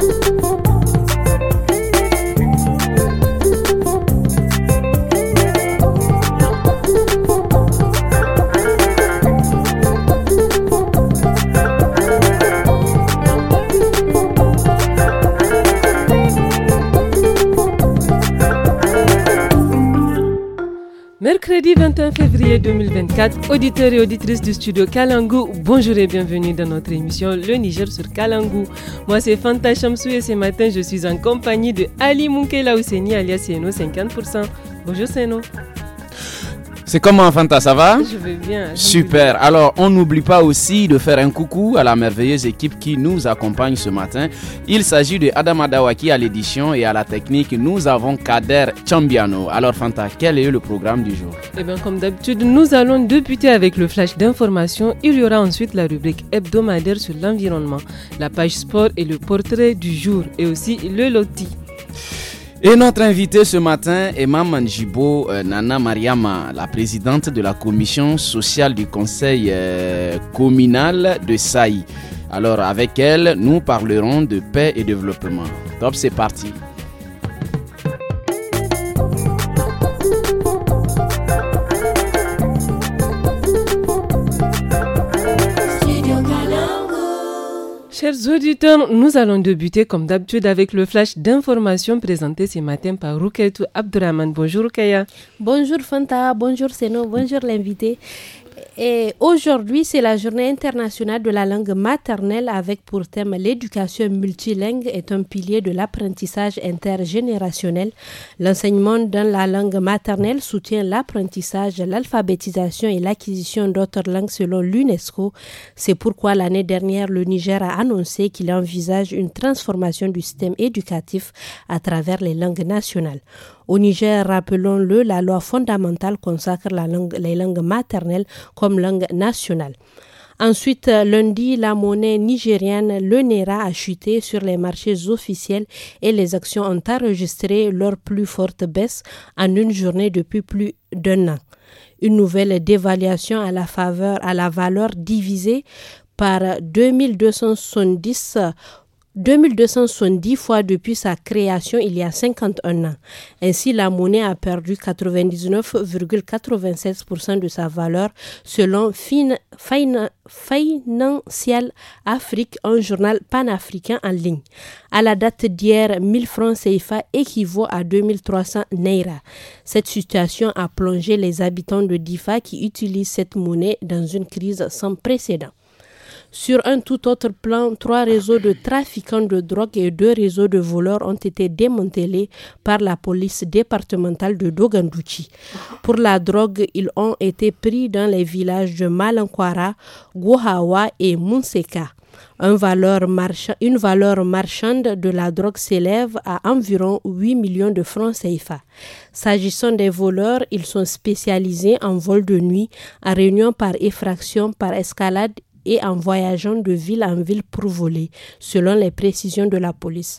Thank you. 2024. Auditeurs et auditrices du studio Kalangou, bonjour et bienvenue dans notre émission Le Niger sur Kalangou. Moi, c'est Fanta Chamsou et ce matin, je suis en compagnie de Ali Mounke Ouseni alias Seno 50%. Bonjour Seno. C'est comment Fanta, ça va Je vais bien. Super. Alors, on n'oublie pas aussi de faire un coucou à la merveilleuse équipe qui nous accompagne ce matin. Il s'agit de Adam Adawaki à l'édition et à la technique. Nous avons Kader Chambiano. Alors Fanta, quel est le programme du jour Eh bien, comme d'habitude, nous allons débuter avec le flash d'information. Il y aura ensuite la rubrique hebdomadaire sur l'environnement, la page sport et le portrait du jour et aussi le loti. Et notre invité ce matin Emma Manjibo euh, Nana Mariama, la présidente de la commission sociale du conseil euh, communal de Saï. Alors avec elle, nous parlerons de paix et développement. Top, c'est parti. Chers auditeurs, nous allons débuter comme d'habitude avec le flash d'informations présenté ce matin par Rukaitou Abdurrahman. Bonjour Kaya. Bonjour Fanta, bonjour Seno, bonjour l'invité. Et aujourd'hui, c'est la journée internationale de la langue maternelle avec pour thème l'éducation multilingue est un pilier de l'apprentissage intergénérationnel. L'enseignement dans la langue maternelle soutient l'apprentissage, l'alphabétisation et l'acquisition d'autres langues selon l'UNESCO. C'est pourquoi l'année dernière, le Niger a annoncé qu'il envisage une transformation du système éducatif à travers les langues nationales. Au Niger, rappelons-le, la loi fondamentale consacre la langue, les langues maternelles comme langue nationale. Ensuite, lundi, la monnaie nigérienne, le Naira, e a chuté sur les marchés officiels et les actions ont enregistré leur plus forte baisse en une journée depuis plus d'un an. Une nouvelle dévaluation à la faveur à la valeur divisée par 2270 2270 fois depuis sa création il y a 51 ans. Ainsi, la monnaie a perdu 99,96% de sa valeur selon Financial Afrique, un journal panafricain en ligne. À la date d'hier, 1000 francs CFA équivaut à 2300 naira. Cette situation a plongé les habitants de Difa qui utilisent cette monnaie dans une crise sans précédent. Sur un tout autre plan, trois réseaux de trafiquants de drogue et deux réseaux de voleurs ont été démantelés par la police départementale de Dogandouchi. Pour la drogue, ils ont été pris dans les villages de Malankwara, Gohawa et Munseka. Une valeur, marchande, de la drogue s'élève à environ 8 millions de francs CFA. S'agissant des voleurs, ils sont spécialisés en vol de nuit, en réunion par effraction, par escalade et en voyageant de ville en ville pour voler, selon les précisions de la police.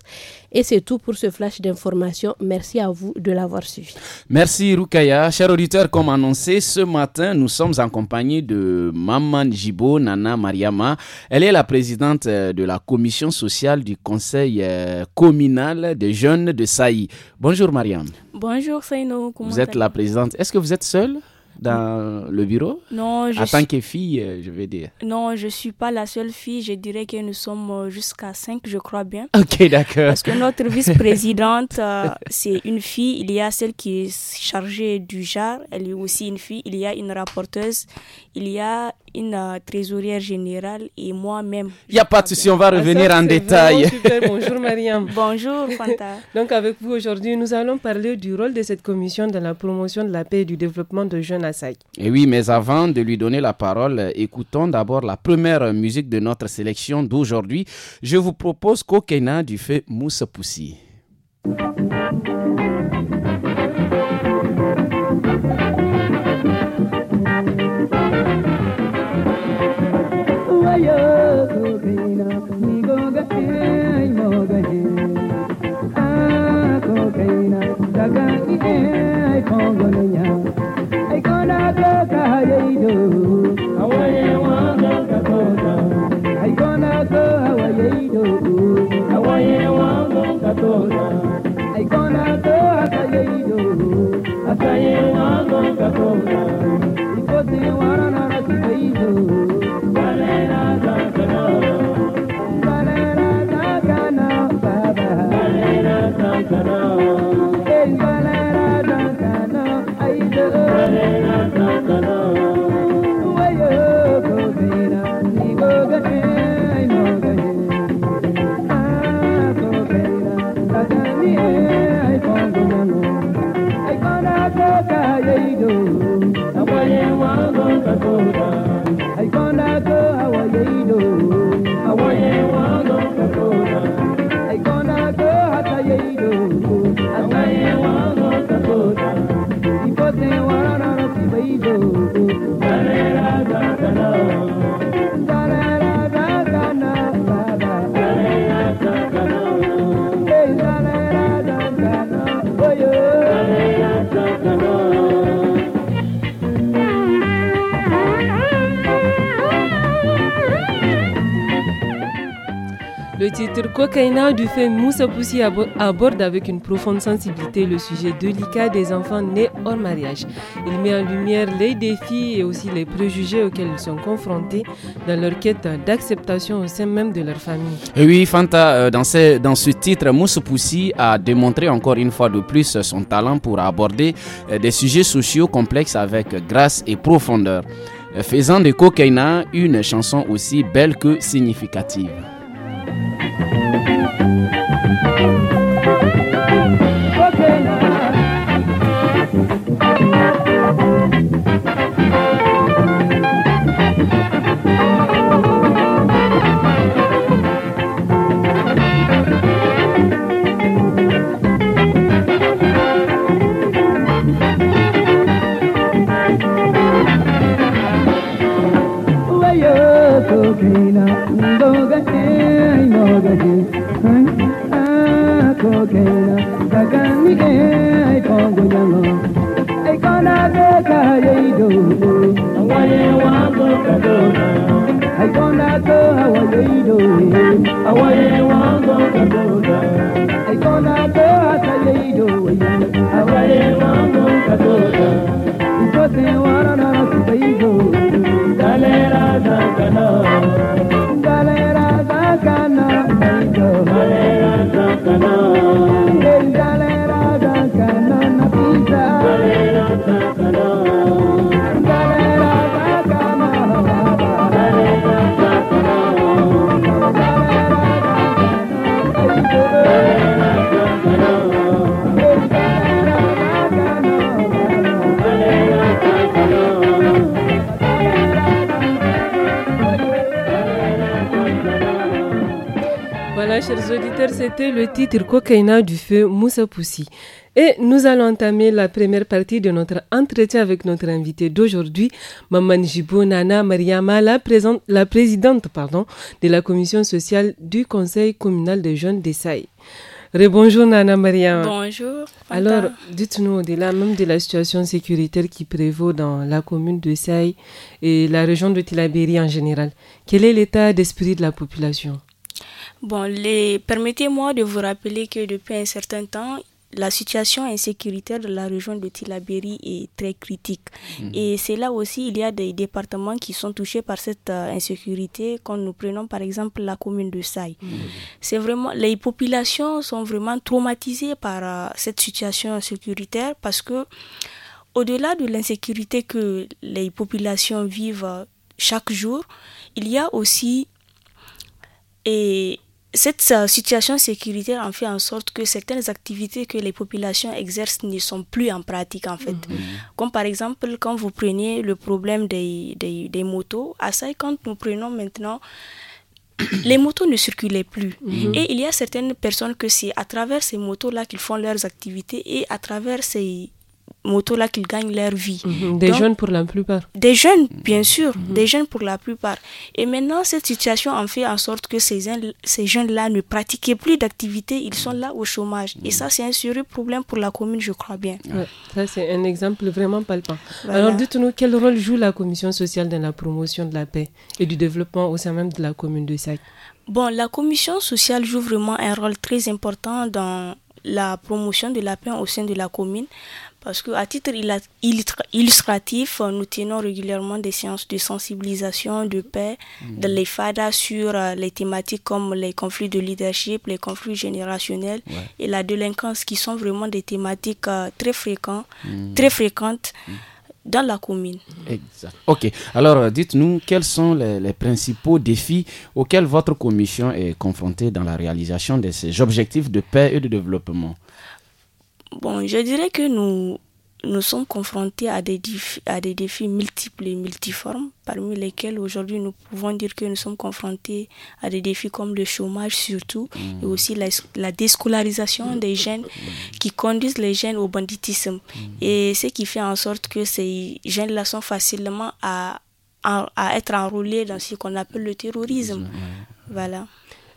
Et c'est tout pour ce flash d'information. Merci à vous de l'avoir suivi. Merci Rukaya. Chers auditeurs, comme annoncé ce matin, nous sommes en compagnie de Maman Jibo Nana Mariama. Elle est la présidente euh, de la commission sociale du conseil euh, communal des jeunes de Saï. Bonjour Mariam. Bonjour Saino. Vous êtes la présidente. Est-ce que vous êtes seule dans le bureau Non, je que fille, euh, je veux dire. Non, je ne suis pas la seule fille. Je dirais que nous sommes euh, jusqu'à cinq, je crois bien. Ok, d'accord. Parce que notre vice-présidente, euh, c'est une fille. Il y a celle qui est chargée du jar, Elle est aussi une fille. Il y a une rapporteuse. Il y a une trésorière générale et moi-même. Il n'y a pas de souci, on va ah, revenir en détail. Oh, Bonjour Mariam. Bonjour Fanta. Donc avec vous aujourd'hui, nous allons parler du rôle de cette commission dans la promotion de la paix et du développement de jeunes et oui, mais avant de lui donner la parole, écoutons d'abord la première musique de notre sélection d'aujourd'hui. Je vous propose Kokena du fait Mousse Poussi. because they to. ando, longa corda Kokaina du fait Moussa Poussi aborde avec une profonde sensibilité le sujet délicat des enfants nés hors mariage. Il met en lumière les défis et aussi les préjugés auxquels ils sont confrontés dans leur quête d'acceptation au sein même de leur famille. oui, Fanta, euh, dans ce, dans ce titre, Moussa Poussi a démontré encore une fois de plus son talent pour aborder euh, des sujets sociaux complexes avec grâce et profondeur, euh, faisant de Kokaina une chanson aussi belle que significative. Thank you. yi e ko go jango e ko na be ka ye do awale wa ko ka do na e ko na ko awale do awale wa ko ka do na C'était le titre Cocaïna du feu Moussa Poussi. Et nous allons entamer la première partie de notre entretien avec notre invité d'aujourd'hui, Maman Jibou Nana Mariama, la, présidente pardon, de la commission sociale du Conseil communal des jeunes SAI. Rebonjour Nana Mariama. Bonjour. Alors, dites-nous au-delà même de la situation sécuritaire qui prévaut dans la commune de Saï et la région de Tilabéry en général, quel est l'état d'esprit de la population Bon, les... permettez-moi de vous rappeler que depuis un certain temps, la situation insécuritaire de la région de Tilaberi est très critique. Mhm. Et c'est là aussi, il y a des départements qui sont touchés par cette euh, insécurité, quand nous prenons par exemple la commune de Saï. Mhm. C'est vraiment, les populations sont vraiment traumatisées par euh, cette situation insécuritaire parce que, au-delà de l'insécurité que les populations vivent euh, chaque jour, il y a aussi et cette euh, situation sécuritaire en fait en sorte que certaines activités que les populations exercent ne sont plus en pratique en fait. Mhm. Mhm. Comme par exemple quand vous preniez le problème des, des, motos, à ça quand nous prenons maintenant les motos ne circulaient plus. Mhm. Et il y a certaines personnes que c'est à travers ces motos-là qu'ils font leurs activités et à travers ces, moto là qu'ils gagnent leur vie. Mhm. des jeunes pour la plupart. Des jeunes, mhm. bien sûr, mhm. des jeunes pour la plupart. Et maintenant, cette situation en fait en sorte que ces, ces jeunes-là ne pratiquent plus d'activité, ils sont là au chômage. Et ça, c'est un sérieux problème pour la commune, je crois bien. ça, c'est un exemple vraiment palpant. Alors, dites-nous, quel rôle joue la commission sociale dans la promotion de la paix et du développement au sein même de la commune de Sac Bon, la commission sociale joue vraiment un rôle très important dans la promotion de la paix au sein de la commune parce qu'à titre illustratif, euh, nous tenons régulièrement des séances de sensibilisation, de paix, de mhm. l'EFADA sur euh, les thématiques comme les conflits de leadership, les conflits générationnels et la délinquance, qui sont vraiment des thématiques euh, mhm. très, fréquentes, très mhm. fréquentes dans la commune. Exact. Ok. Alors, dites-nous quels sont les, principaux défis auxquels votre commission est confrontée dans la réalisation de ces objectifs de paix et de développement. Bon, je dirais que nous, nous sommes confrontés à des, défis, à des défis multiples et multiformes, parmi lesquels aujourd'hui nous pouvons dire que nous sommes confrontés à des défis comme le chômage surtout, et mm. aussi la, la déscolarisation des jeunes mm. qui conduisent les jeunes au banditisme. Mm. Et ce qui fait en sorte que ces jeunes-là sont facilement à, à, à, être enrôlés dans ce qu'on appelle le terrorisme. Voilà.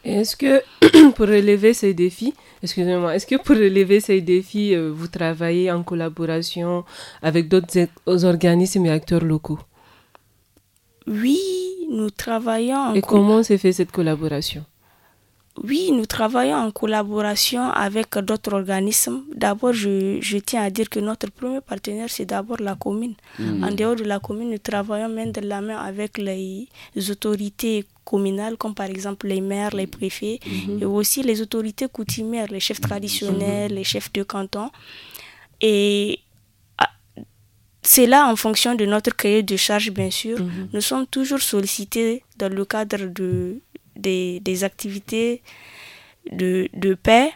Est-ce que pour relever ces défis, excusez-moi, est-ce que pour relever ces défis, euh, vous travaillez en collaboration avec d'autres organismes et acteurs locaux Oui, nous travaillons. et comment s'est fait cette collaboration oui, nous travaillons en collaboration avec d'autres organismes. D'abord, je, tiens à dire que notre premier partenaire, c'est d'abord la commune. Mmh. En dehors de la commune, nous travaillons main de la main avec les autorités comme par exemple les maires, les préfets, mhm. et aussi les autorités coutumières, les chefs traditionnels, mhm. les chefs de canton. Et ah, c'est là, en fonction de notre cahier de charge, bien sûr, mhm. nous sommes toujours sollicités dans le cadre de, des, activités de, de paix.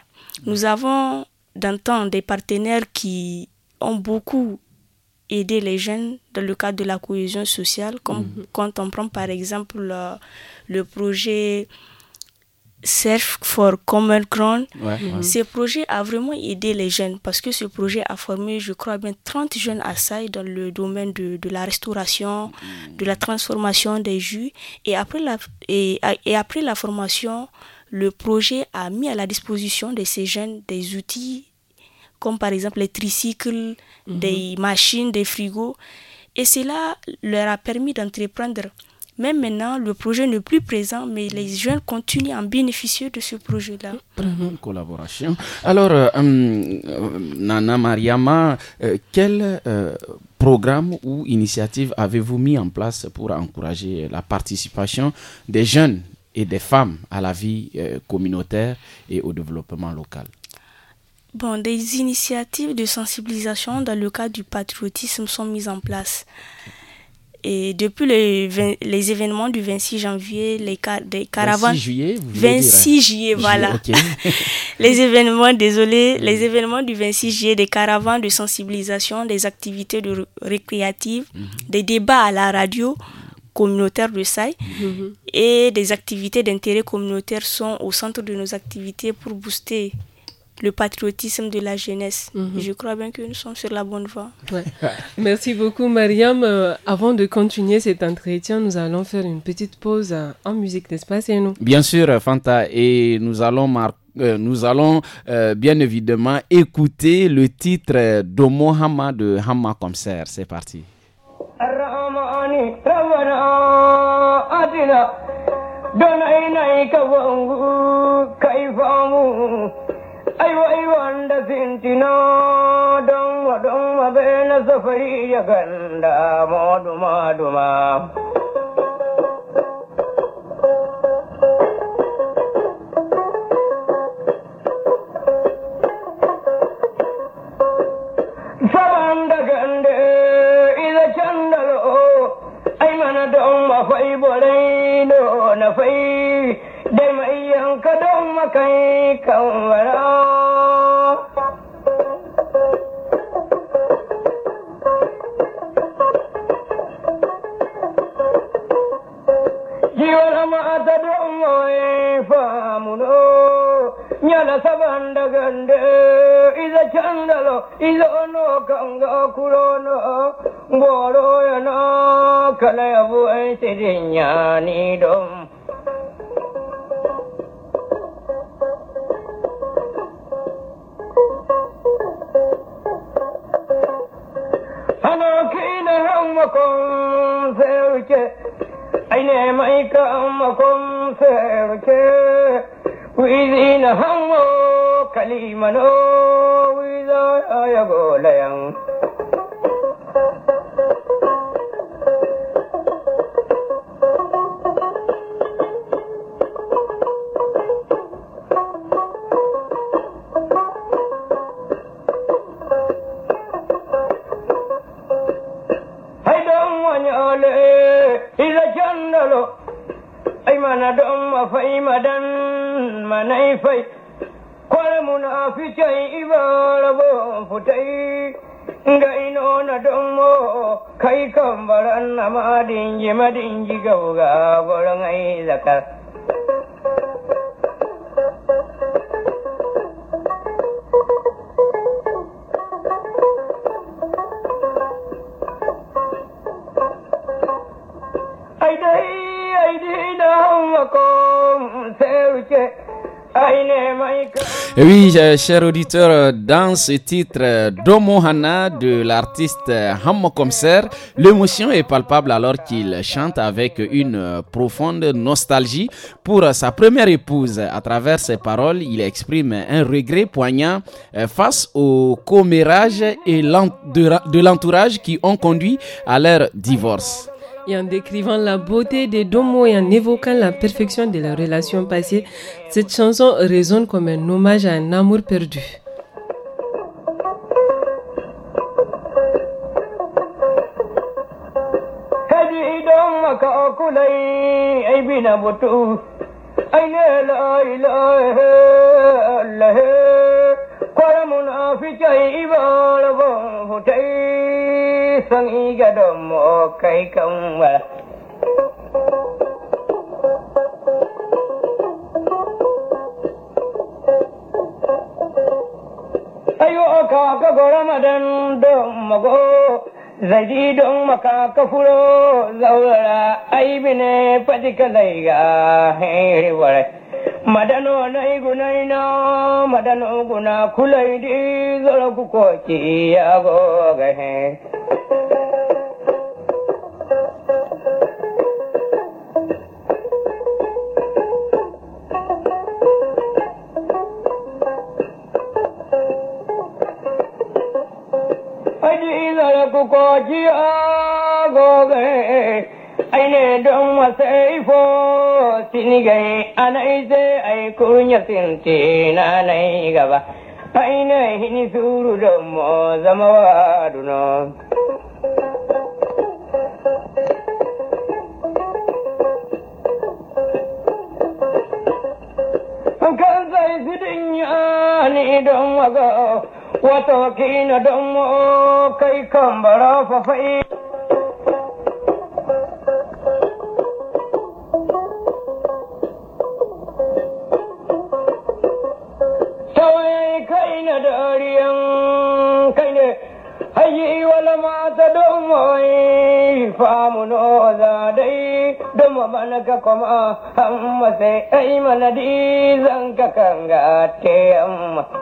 Nous avons, dans temps, des partenaires qui ont beaucoup aider les jeunes dans le cadre de la cohésion sociale, comme mhm. quand on prend par exemple le, projet Surf for Common Ground. Ce projet a vraiment aidé les jeunes parce que ce projet a formé, je crois bien, 30 jeunes à dans le domaine de, de la restauration, de la transformation des jus. Et après la, et, et après la formation, le projet a mis à la disposition de ces jeunes des outils comme par exemple les tricycles, mhm. des machines, des frigos. Et cela leur a permis d'entreprendre. Même maintenant, le projet n'est plus présent, mais les jeunes continuent à bénéficier de ce projet-là. bonne collaboration. Alors, euh, hum, euh, Nana Mariama, euh, quel programme ou initiative avez-vous mis en place pour encourager la participation des jeunes et des femmes à la vie communautaire et au développement local Bon, des initiatives de sensibilisation dans le cadre du patriotisme sont mises en place. Et depuis les, les événements du 26 janvier, les car des 26 juillet, 26 hein? juillet, voilà. les événements, désolé, les événements du 26 juillet, des caravanes de sensibilisation, des activités récréatives, mhm. des débats à la radio communautaire de SAI mhm. et des activités d'intérêt communautaire sont au centre de nos activités pour booster le patriotisme de la jeunesse. Mhm. Je crois bien que nous sommes sur la bonne voie. Ouais. Merci beaucoup, Mariam. Euh, avant de continuer cet entretien, nous allons faire une petite pause euh, en musique, nest pas, et nous Bien sûr, Fanta, et nous allons euh, nous allons bien évidemment écouter le titre de d'Omo Hamma, de Hama Concert. C'est parti. أيوة أيوة عند سنتنا دم ودم بين سفري يقند ما دما دما saban da gande ila candalo ai mana don mafai borai no na fai da iyan ka don makai kan wara jiwala ma ta don moye famuno nyala saban da gande iza candalo iza ono kanga kurono boro yana kala yabu an sidin ni don makon sauke aine mai kan ma dingi madingi gauga gurin ai zakar oui, euh, cher auditeur, euh, dans ce titre euh, de l'artiste Hammo Komser, l'émotion est palpable alors qu'il chante avec une profonde nostalgie pour sa première épouse. À travers ses paroles, il exprime un regret poignant face au commérage et de l'entourage qui ont conduit à leur divorce et en décrivant la beauté des deux mots et en évoquant la perfection de la relation passée, cette chanson résonne comme un hommage à un amour perdu. sun iga don kai kan wara. Ayo ka ka gora madan don mago zaji don maka ka furo zaurara aibi ne fadi ka madano na igunai na madano guna kulai di zara ku koki ya goga sinigai anai ze ai kunya sinti na nai gaba ai nai ni suru do mo zamawa duno ni don waga wato kina don mo kai kan bara fa fa'i kai na dariyan kai ne hayi wala mata don wai famuno za dai don mana ka kuma amma sai ai mana zan ka kanga te amma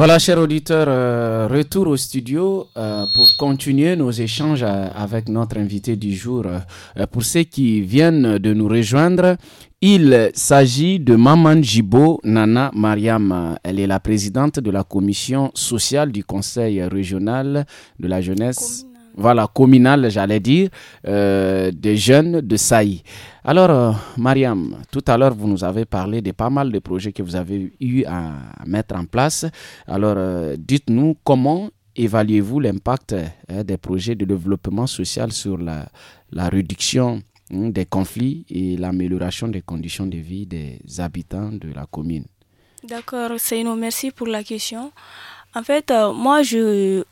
Voilà, chers auditeurs, euh, retour au studio euh, pour continuer nos échanges euh, avec notre invité du jour. pour ceux qui viennent de nous rejoindre, il s'agit de Maman Jibo Nana Mariam. Elle est la présidente de la commission sociale du Conseil régional de la jeunesse voilà, communal, j'allais dire, euh, des jeunes de Saï. Alors, euh, Mariam, tout à l'heure, vous nous avez parlé de pas mal de projets que vous avez eu à mettre en place. Alors, euh, dites-nous comment évaluez-vous l'impact des projets de développement social sur la, réduction hein, des conflits et l'amélioration des conditions de vie des habitants de la commune D'accord, Seino, merci pour la question. En fait, moi, je,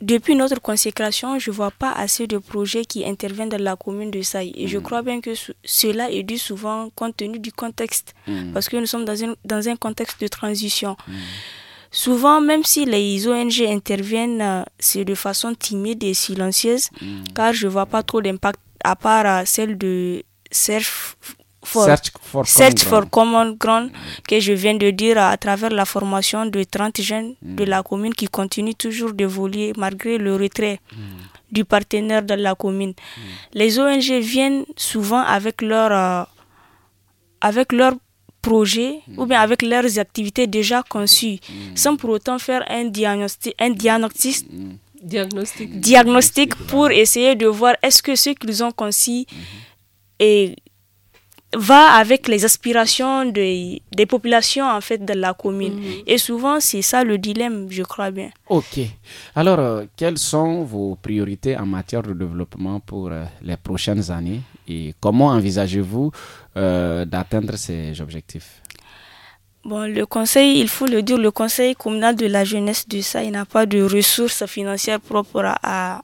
depuis notre consécration, je ne vois pas assez de projets qui interviennent dans la commune de Saï. Et je mm. crois bien que cela est dû souvent compte tenu du contexte, mm. parce que nous sommes dans, dans un contexte de transition. Mm. Souvent, même si les ONG interviennent, euh, c'est de façon timide et silencieuse, car je ne vois pas trop d'impact à part euh, celle de CERF search for common ground que je viens de dire à, travers la formation de 30 jeunes hmm. de la commune qui continuent toujours d'évoluer malgré le retrait hmm. du partenaire de la commune. Hmm. Les ONG viennent souvent avec leur euh, avec leur projet ou bien avec leurs activités déjà conçues sans pour autant faire un diagnostic un diagnostic diagnostic, diagnostic pour essayer de voir est-ce que ce qu'ils ont conçu est va avec les aspirations des populations en fait de la commune. Mhm. Et souvent, c'est ça le dilemme, je crois bien. Ok. Alors, euh, quelles sont vos priorités en matière de développement pour euh, les prochaines années et comment envisagez-vous euh, d'atteindre ces objectifs Bon, le conseil, il faut le dire, le conseil communal de la jeunesse de ça, il n'a pas de ressources financières propres à,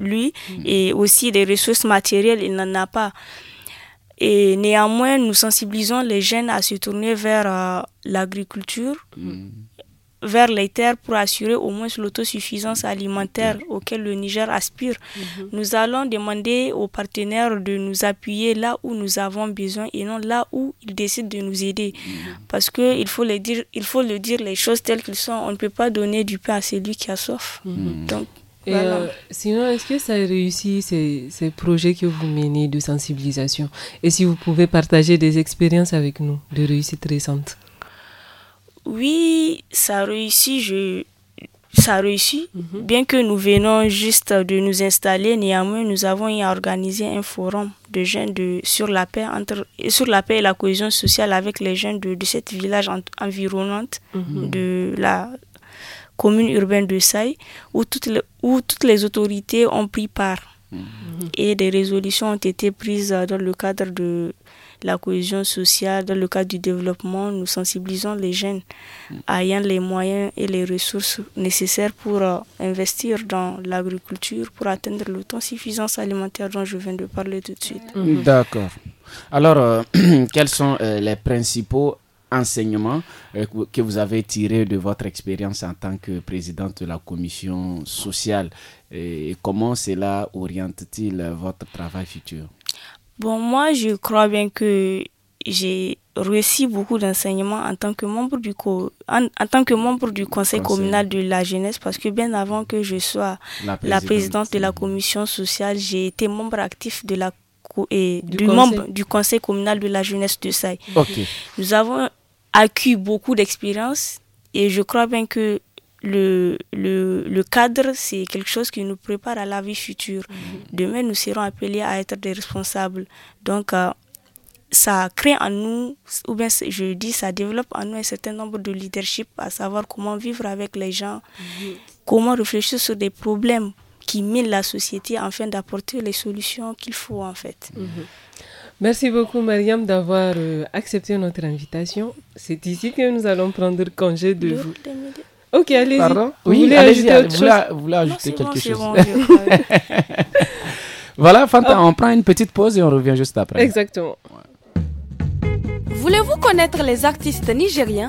lui mhm. et aussi des ressources matérielles, il n'en a pas. Et néanmoins, nous sensibilisons les jeunes à se tourner vers euh, l'agriculture, mm. vers les terres pour assurer au moins l'autosuffisance alimentaire auquel le Niger aspire. Mm-hmm. Nous allons demander aux partenaires de nous appuyer là où nous avons besoin et non là où ils décident de nous aider. Mm-hmm. Parce qu'il faut, le dire, il faut le dire, les choses telles qu'elles sont. On ne peut pas donner du pain à celui qui a soif. Mm-hmm. Donc, et euh, sinon, est-ce que ça réussit ces, ces, projets que vous menez de sensibilisation Et si vous pouvez partager des expériences avec nous de réussite récente Oui, ça réussit. Je... Ça mhm. Bien que nous venons juste de nous installer, néanmoins, nous avons organisé un forum de jeunes de, sur, la paix entre, sur la paix et la cohésion sociale avec les jeunes de, cette village environnante mhm. de la commune urbaine de Saï, où toutes les, où toutes les autorités ont pris part. Mm-hmm. Et des résolutions ont été prises euh, dans le cadre de la cohésion sociale, dans le cadre du développement. Nous sensibilisons les jeunes mm. ayant les moyens et les ressources nécessaires pour euh, investir dans l'agriculture, pour atteindre l'autosuffisance alimentaire dont je viens de parler tout de suite. D'accord. Alors, euh, quels sont les principaux enseignements euh, que vous avez tirés de votre expérience en tant que présidente de la commission sociale et comment cela oriente-t-il votre travail futur Bon, moi, je crois bien que j'ai réussi beaucoup d'enseignements en tant que membre du co en, tant que membre du conseil, communal de la jeunesse parce que bien avant que je sois la présidente, de la commission sociale, j'ai été membre actif de la et du, membre du conseil communal de la jeunesse de Saï. Nous avons acquis beaucoup d'expérience et je crois bien que le, le, le cadre, c'est quelque chose qui nous prépare à la vie future. Mhm. Demain, nous serons appelés à être des responsables. Donc, euh, ça crée en nous, ou bien je dis, ça développe en nous un certain nombre de leadership, à savoir comment vivre avec les gens, mhm. comment réfléchir sur des problèmes qui minent la société afin d'apporter les solutions qu'il faut en fait. Mhm. Merci beaucoup, Mariam, d'avoir euh, accepté notre invitation. C'est ici que nous allons prendre congé de vous. Ok, allez-y. Pardon vous voulez ajouter quelque chose Voilà, Fanta, oh. on prend une petite pause et on revient juste après. Exactement. Voulez-vous connaître les artistes nigériens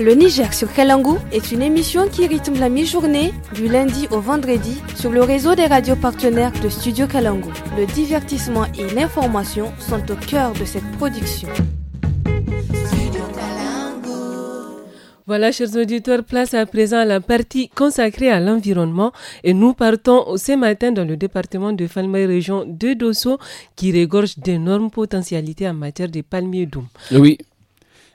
Le Niger sur Kalangu est une émission qui rythme la mi-journée du lundi au vendredi sur le réseau des radios partenaires de Studio Kalangu. Le divertissement et l'information sont au cœur de cette production. Voilà, chers auditeurs, place à présent à la partie consacrée à l'environnement. Et nous partons ce matin dans le département de Falmaï, région de Dosso, qui regorge d'énormes potentialités en matière de palmiers d'oum. Oui,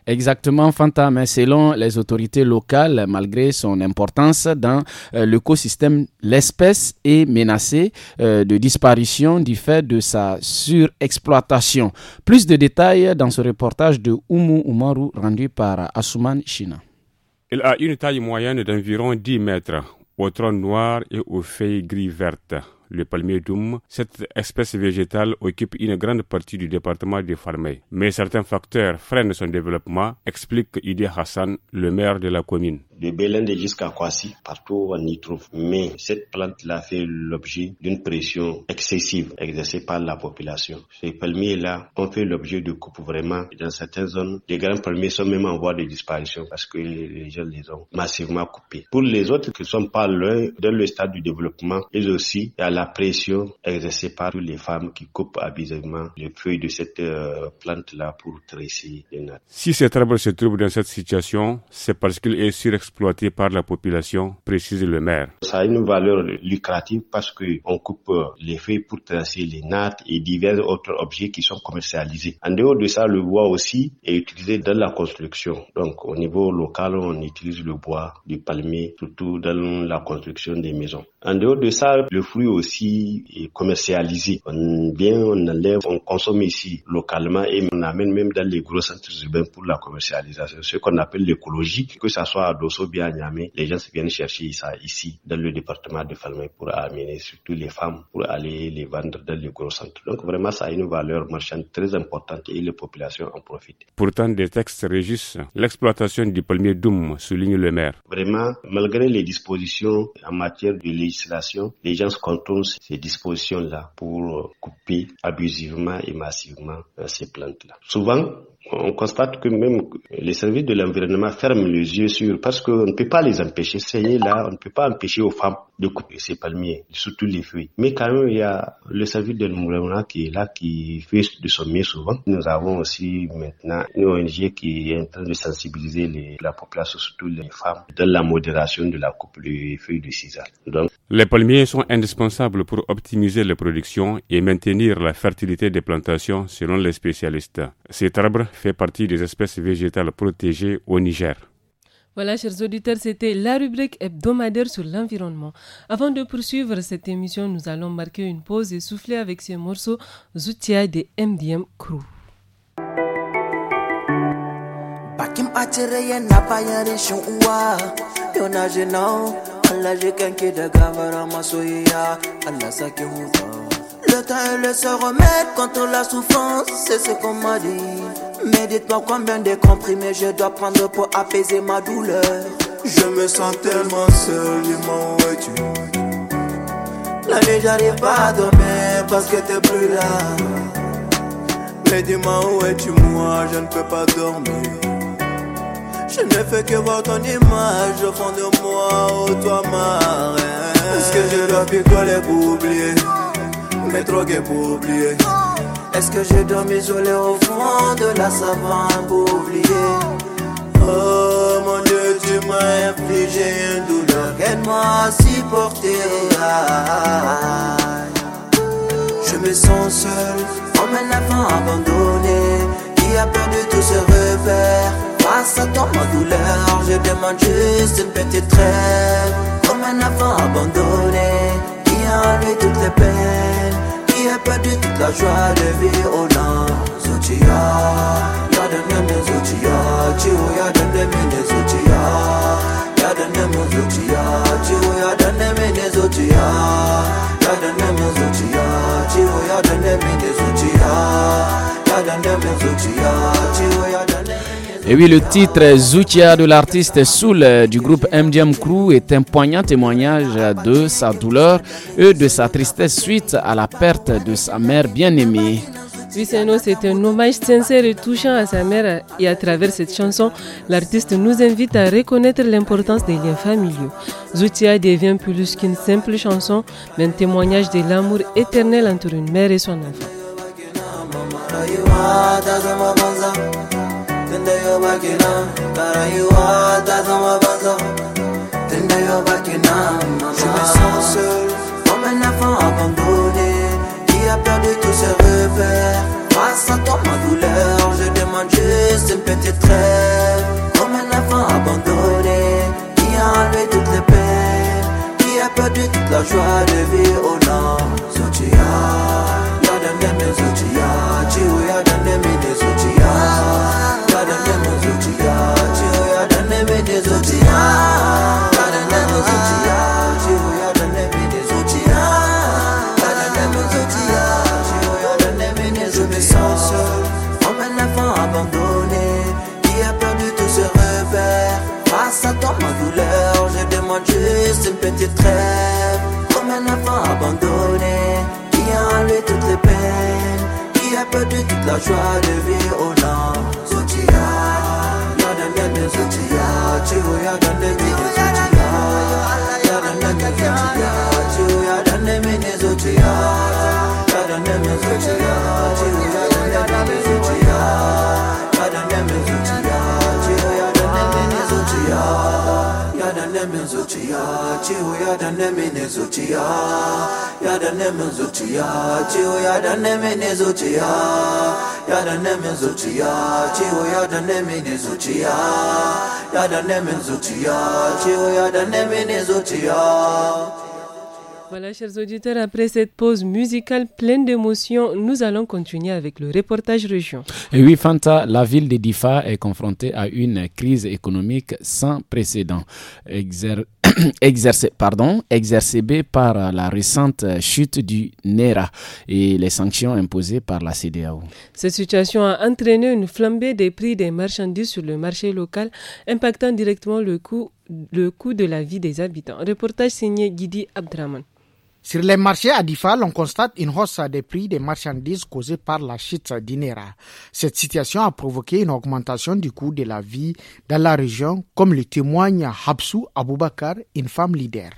Exactement, Fanta, mais selon les autorités locales, malgré son importance dans euh, l'écosystème, l'espèce est menacée euh, de disparition du fait de sa surexploitation. Plus de détails dans ce reportage de Oumu Umaru rendu par Asuman China. Il a une taille moyenne d'environ 10 mètres, au tronc noir et aux feuilles gris-vertes le palmier doum, cette espèce végétale occupe une grande partie du département des Falmey. Mais certains facteurs freinent son développement, explique Idi Hassan, le maire de la commune. De Belende jusqu'à Kwasi, partout on y trouve. Mais cette plante-là fait l'objet d'une pression excessive exercée par la population. Ces palmiers-là ont fait l'objet de coupes vraiment dans certaines zones. Les grands palmiers sont même en voie de disparition parce que les gens les ont massivement coupés. Pour les autres qui ne sont pas loin, dans le stade du développement, ils aussi, à la pression exercée par les femmes qui coupent abusivement les feuilles de cette euh, plante-là pour tresser les nattes. Si cet arbre se trouve dans cette situation, c'est parce qu'il est surexploité par la population, précise le maire. Ça a une valeur lucrative parce qu'on coupe euh, les feuilles pour tracer les nattes et divers autres objets qui sont commercialisés. En dehors de ça, le bois aussi est utilisé dans la construction. Donc au niveau local, on utilise le bois du palmier, surtout dans la construction des maisons. En dehors de ça, le fruit aussi est commercialisé. On on enlève, on consomme ici localement et on amène même dans les gros centres urbains pour la commercialisation. Ce qu'on appelle l'écologie, que ça soit à Dosso, bien à les gens viennent chercher ça ici, dans le département de Falme, pour amener surtout les femmes pour aller les vendre dans les gros centres. Donc vraiment, ça a une valeur marchande très importante et les populations en profitent. Pourtant, des textes régissent l'exploitation du palmier Doum, souligne le maire. Vraiment, malgré les dispositions en matière de législation, les gens se contournent ces dispositions-là pour couper abusivement et massivement euh, ces plantes-là. Souvent, on constate que même les services de l'environnement ferment les yeux sur, parce qu'on ne peut pas les empêcher. C'est là, on ne peut pas empêcher aux femmes de couper ces palmiers, surtout les feuilles. Mais quand même, il y a le service de l'environnement qui est là, qui fait de son mieux souvent. Nous avons aussi maintenant une ONG qui est en train de sensibiliser la population, surtout les femmes, dans la modération de la coupe des feuilles de cisa. les palmiers sont indispensables pour optimiser la production et maintenir la fertilité des plantations selon les spécialistes. Cet arbre fait partie des espèces végétales protégées au Niger. Voilà, chers auditeurs, c'était la rubrique hebdomadaire sur l'environnement. Avant de poursuivre cette émission, nous allons marquer une pause et souffler avec ce morceau Zoutia des MDM Crew. Le temps le contre la souffrance, c'est ce qu'on m'a dit. Mais dites-moi combien de comprimés je dois prendre pour apaiser ma douleur. Je me sens tellement seul, dis-moi où es-tu? La nuit j'arrive pas à dormir parce que t'es plus là. Mais dis-moi où es-tu, moi je ne peux pas dormir. Je ne fais que voir ton image au fond de moi, oh toi ma reine. Est-ce que je dois picoler pour oublier? Mais droguer pour oublier? Est-ce que je dois m'isoler au fond de la savane pour Oh mon Dieu, tu m'as infligé une douleur qu'aide-moi à supporter. Je me sens seul, comme un avant abandonné qui a perdu tout ce revers, Face à ton ma douleur, je demande juste une petite trêve, comme un enfant abandonné qui a enlevé toutes les peines. n'est pas du toute la joie de violence Zotia, y'a de même Zotia Tio, y'a de même Zotia Y'a de même Zotia Tio, y'a de même Zotia Y'a de même Zotia Tio, y'a de même Zotia Y'a de même Zotia Et oui, le titre Zoutia de l'artiste Soul du groupe MDM Crew est un poignant témoignage de sa douleur et de sa tristesse suite à la perte de sa mère bien-aimée. Oui, c'est un hommage sincère et touchant à sa mère et à travers cette chanson, l'artiste nous invite à reconnaître l'importance des liens familiaux. Zoutia devient plus qu'une simple chanson, mais un témoignage de l'amour éternel entre une mère et son enfant me sens seul comme un enfant abandonné Qui a perdu tous ses revers, Face à toi ma douleur Je demande juste une petite trêve Comme un enfant abandonné Qui a enlevé toutes les peines Qui a perdu toute la joie de vivre au oh nom Sotia, la dernière maison petite trêve, comme un enfant abandonné, qui a enlevé lui toutes les peines, qui a perdu toute la joie de vivre au nord nemin zuciya ciwo ya danne mini zuciya ya danne min zuciya ciwo ya danne mini zuciya ya danne min zuciya ciwo ya danne mini zuciya ya danne min zuciya ciwo ya danne mini zuciya Voilà, chers auditeurs, après cette pause musicale pleine d'émotions, nous allons continuer avec le reportage région. oui, Fanta, la ville de Difa est confrontée à une crise économique sans précédent, exercée pardon, par la récente chute du NERA et les sanctions imposées par la CDAO. Cette situation a entraîné une flambée des prix des marchandises sur le marché local, impactant directement le coût, le coût de la vie des habitants. Reportage signé Gidi Abdraman. Sur les marchés à Difa, on constate une hausse des prix des marchandises causée par la chute d'Inéra. Cette situation a provoqué une augmentation du coût de la vie dans la région, comme le témoigne Habsou Aboubakar, une femme leader.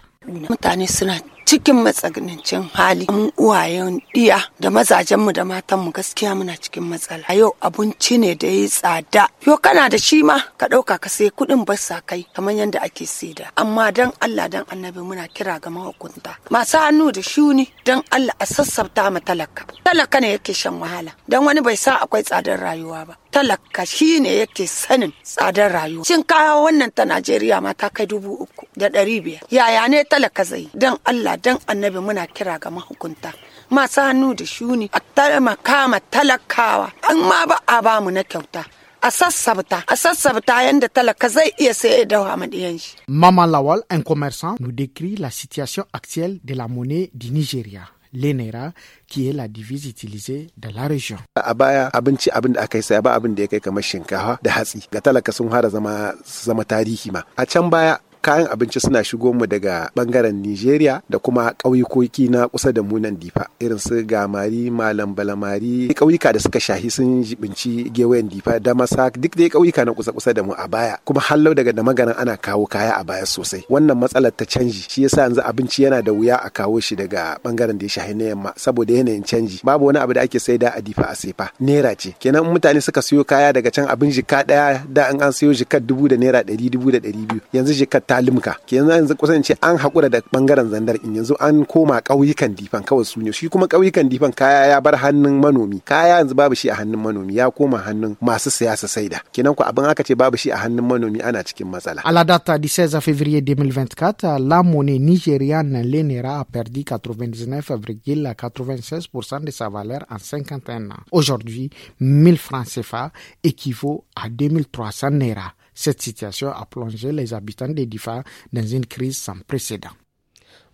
cikin matsanancin hali mun uwayen iya da mazajenmu da matanmu gaskiya muna cikin matsala a yau abinci ne da ya tsada Yau kana da shi ma ka ɗauka ka sai kuɗin basa sa kai kamar yadda ake saida amma dan Allah dan annabi muna kira ga mahukunta masu hannu da shuni dan Allah a sassabta ma talaka talaka ne yake shan wahala dan wani bai sa akwai tsadar rayuwa ba talaka shi ne yake sanin tsadar rayuwa shin kaya wannan ta Najeriya ma ta kai dubu uku da ɗari biyar yaya ne talaka zai dan Allah dan annabi muna kira ga mahukunta masu hannu da shuni a taimaka ma talakawa an ma ba a ba mu na kyauta a sassabta a sassabta yadda talaka zai iya saye da hamadiyan shi. Mama Lawal, un commerçant, nous décrit la situation actuelle de la monnaie du Nigeria. Lenera qui est la devise utilisée dans la région. A baya abinci abin da aka yi ba abin da ya kai kamar shinkafa da hatsi ga talaka sun hada zama zama tarihi ma. A can baya kayan abinci suna shigo mu daga bangaren Nigeria da kuma ƙauyukoki na kusa da munan Difa irin su Gamari Malam Balamari ƙauyuka da suka shahi sun jibinci gewayen Difa da masa duk dai ƙauyuka na kusa kusa da mu a baya kuma hallau daga da magana ana kawo kaya a baya sosai wannan matsalar ta canji shi yasa yanzu abinci yana da wuya a kawo shi daga bangaren da ya shahi na yamma saboda yanayin canji babu wani abu da ake saida a Difa a sefa naira ce kenan mutane suka siyo kaya daga can abin jika daya da an an siyo jikar dubu da naira ɗari dubu da ɗari biyu yanzu jikar talimka kenan yanzu kusan ce an hakura da bangaren zandar in yanzu an koma kauyukan difan kawai su ne shi kuma kauyukan difan kaya ya bar hannun manomi kaya yanzu babu shi a hannun manomi ya koma hannun masu siyasa saida kenan ku abin aka ce babu shi a hannun manomi ana cikin matsala à la data du 16 février 2024 la monnaie nigériane l'ENERA a perdu 99,96% de sa valeur en 51 ans aujourd'hui 1000 francs CFA équivaut à 2300 naira cette situation a plongé les habitants des Difa dans une crise sans précédent.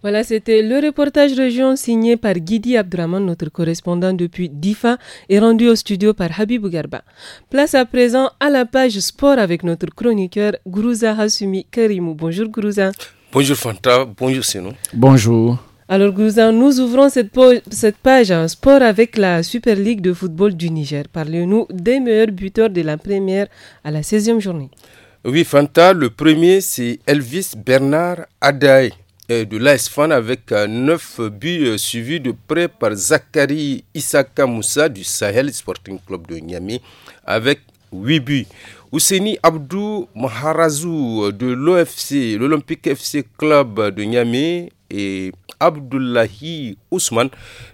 Voilà, c'était le reportage région signé par Guidi Abdraman, notre correspondant depuis DIFA, et rendu au studio par Habib Garba. Place à présent à la page sport avec notre chroniqueur Grouza Hassumi Karimou. Bonjour Grouza. Bonjour Fanta, bonjour Sinou. Bonjour. Alors, Gouzan, nous ouvrons cette, page en sport avec la Super League de football du Niger. Parlez-nous des meilleurs buteurs de la première à la 16e journée. Oui, Fanta, le premier, c'est Elvis Bernard Adai euh, de l'ASFAN avec 9 euh, buts euh, suivis de près par Zachary Isaka Moussa du Sahel Sporting Club de Niamey avec 8 buts. Ouseni Abdou Maharazou de l'OFC, l'Olympique FC Club de Niamey, et Abdullahi Ousmane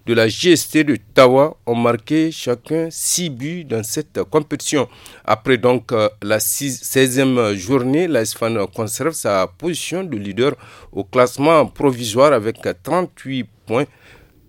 de la GST de Tawa ont marqué chacun 6 buts dans cette compétition. Après donc euh, la 16e journée, la conserve sa position de leader au classement provisoire avec 38 points.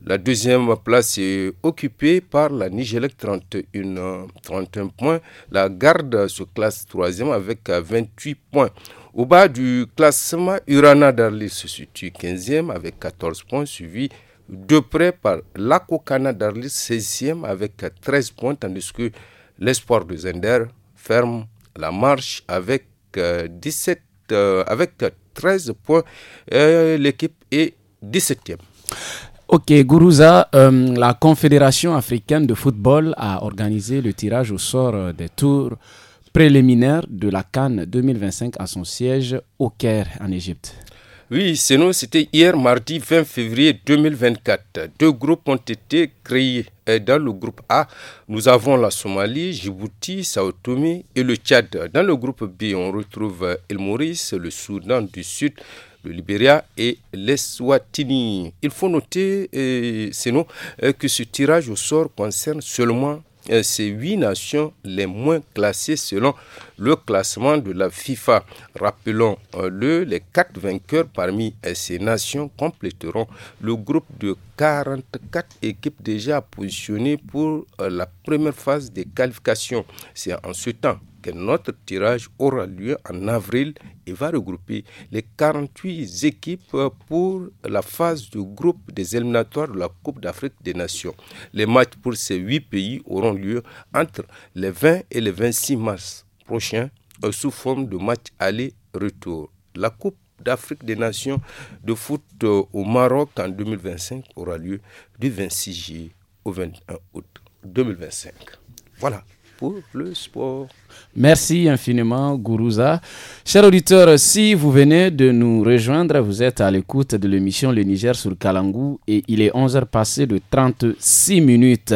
La deuxième place est occupée par la Nigelec 31, 31 points. La garde se classe troisième avec 28 points. Au bas du classement, Urana Darli se situe 15e avec 14 points, suivi de près par Lakokana Darli 16e avec 13 points, tandis que l'espoir de Zender ferme la marche avec, 17, euh, euh, avec 13 points. Euh, l'équipe est 17e. Ok, Gourouza, la Confédération africaine de football a organisé le tirage au sort des tours préliminaire de la Cannes 2025 à son siège au Caire en Égypte. Oui, nous, c'était hier mardi 20 février 2024. Deux groupes ont été créés. dans le groupe A, nous avons la Somalie, Djibouti, Sao Tome et le Tchad. Dans le groupe B, on retrouve El Maurice, le Soudan du Sud, le Libéria et l'Eswatini. Il faut noter, c'est nous, euh, que ce tirage au sort concerne seulement euh, ces huit nations les moins classées selon le classement de la FIFA. Rappelons-le, euh, les quatre vainqueurs parmi euh, ces nations compléteront le groupe de 44 équipes déjà positionnées pour la première phase des qualifications. C'est en ce temps notre tirage aura lieu en avril et va regrouper les 48 équipes pour la phase du groupe des éliminatoires de la Coupe d'Afrique des Nations. Les matchs pour ces 8 pays auront lieu entre les 20 et le 26 mars prochain, euh, sous forme de matchs aller-retour. La Coupe d'Afrique des Nations de foot euh, au Maroc en 2025 aura lieu du 26 juillet au 21 août 2025. Voilà le sport. Merci infiniment, Gourouza. Chers auditeurs, si vous venez de nous rejoindre, vous êtes à l'écoute de l'émission Le Niger sur Kalangou et il est 11h passé de 36 minutes.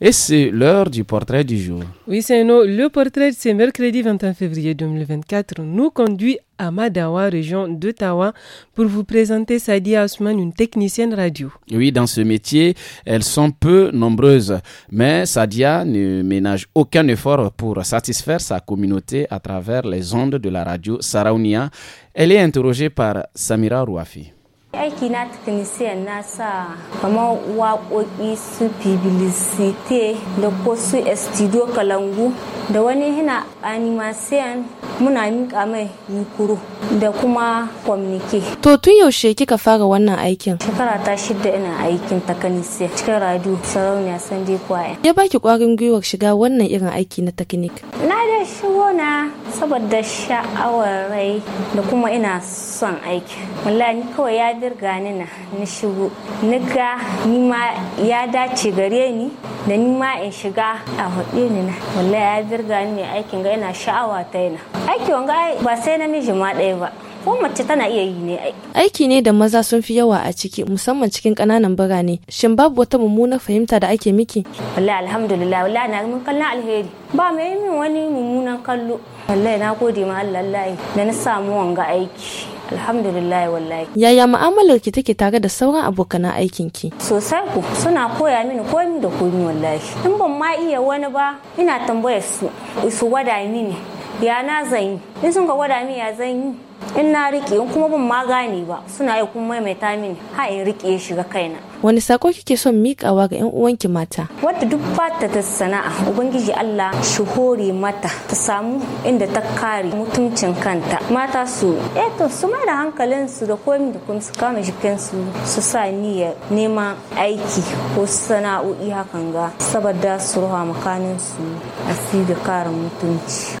Et c'est l'heure du portrait du jour. Oui, c'est le portrait de ce mercredi 21 février 2024 nous conduit à Madawa, région d'Ottawa, pour vous présenter Sadia Ousmane, une technicienne radio. Oui, dans ce métier, elles sont peu nombreuses, mais Sadia ne ménage aucun effort pour satisfaire sa communauté à travers les ondes de la radio Saraunia. Elle est interrogée par Samira Rouafi. aiki na technician na sa kamar waƙoƙi su fibilisite da ko su estido kalangu da wani hina animasiyan muna miƙa mai yukuru da kuma kwamnike. To tun yaushe kika fara wannan aikin? Shekara ta shida ina aikin takanisiyan cikin radio sarauniya sande kwaya. Ya baki ƙwarin gwiwar shiga wannan irin aiki na teknik? Na da shigo na saboda sha'awar rai da kuma ina son aiki. Wallahi kawai ya dirga ni na ni shigo ni ma ya dace gare ni da ni ma in shiga a hudu ni na wallahi ya dirga ni aikin ga yana sha'awa ta yana aiki wanga ba sai namiji ma ɗaya ba ko mace tana iya yi ne aiki ne da maza sun fi yawa a ciki musamman cikin kananan birane shin babu wata mummunar fahimta da ake miki wallahi alhamdulillah wallahi na mun kallon alheri ba mai min wani mummunan kallo wallahi na gode ma Allah da na samu wanga aiki alhamdulillah wallahi yaya mu'amalar ki take tare da sauran abokan aikin ki sosai ku suna koya mini komi da komai wallahi in ban ma iya wani ba ina tambayar su su gwada mini ya na zan in sun ka gwada min ya zanyi in na rike in kuma ban ma gane ba suna yi kuma maimaita mini ha in rike shi ga kaina wani sako kike son mikawa ga yan uwanki mata wadda duk bata ta sana'a ubangiji Allah shi hore mata ta samu inda ta kare mutuncin kanta mata su eh to su mai da hankalin su da komai da kuma su kama jikin su su sa niyyar neman aiki ko sana'o'i hakan ga saboda su ruwa makanin su asiri karin mutunci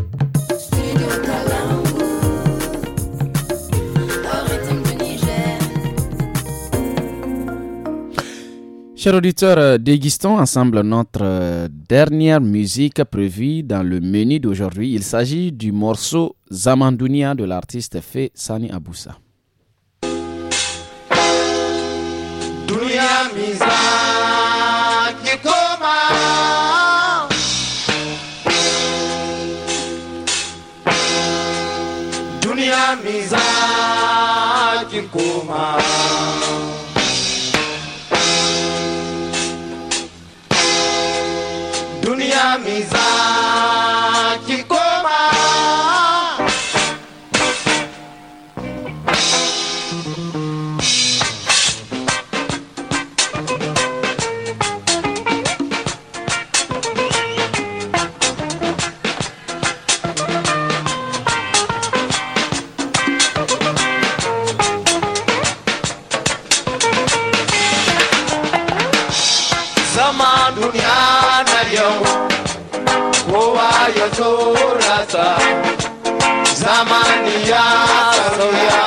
Chers auditeurs, euh, déguistons ensemble notre euh, dernière musique prévue dans le menu d'aujourd'hui. Il s'agit du morceau Zamandounia de l'artiste Fé Sani Aboussa. kikoma avisar. chochoraza zamani ya sasauya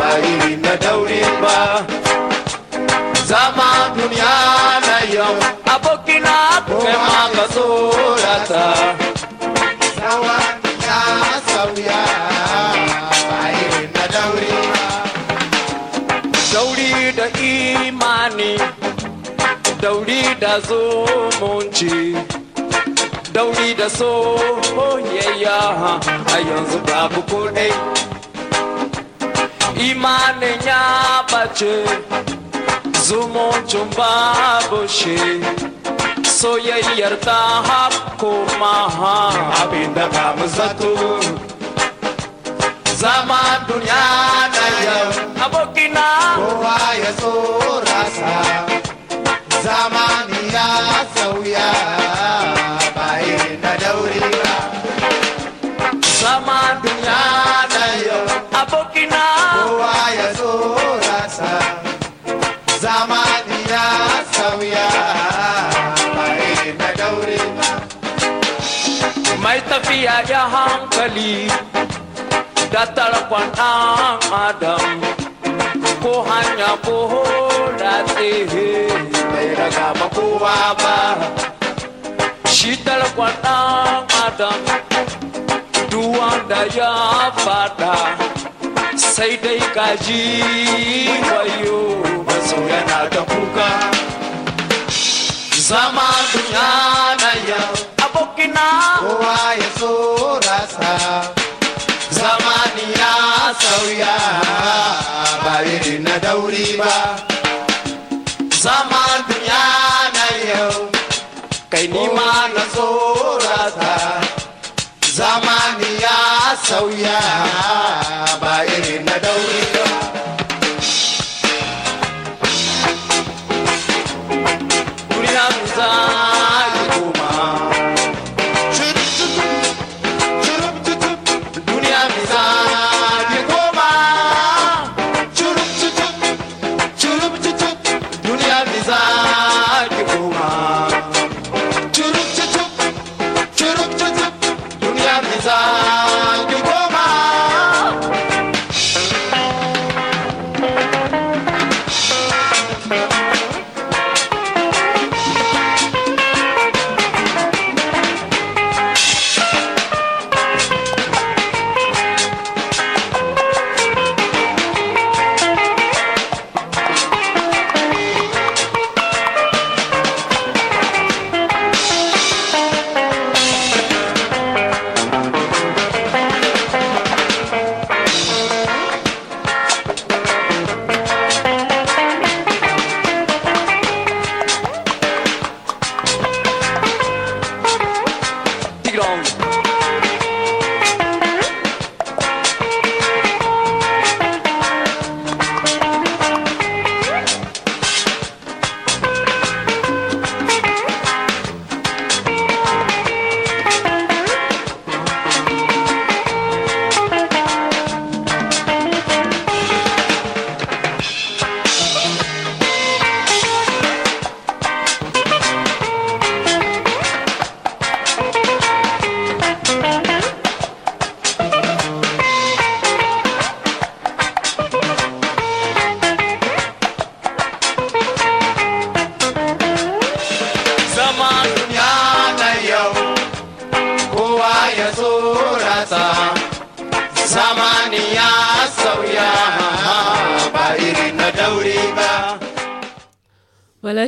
bairina daurimba zama dunia nayo abokina emakasoraza Daulida imani, Daulida zomonchi. So dauri da oh, so yayya a yanzu babu ko dai imanin ya bace zumuncin babu shi soyayyar ta hako maha abinda ba mu zato zama duniya na yau abokina kowa ya so rasa zamani ya sauya biya ya hankali da tarkon ɗan adam ko hanya ko ratse bai raga ma kowa ba shi adam duwanda ya fada sai dai kaji wayo maso إيمان صورته زمان يا سويا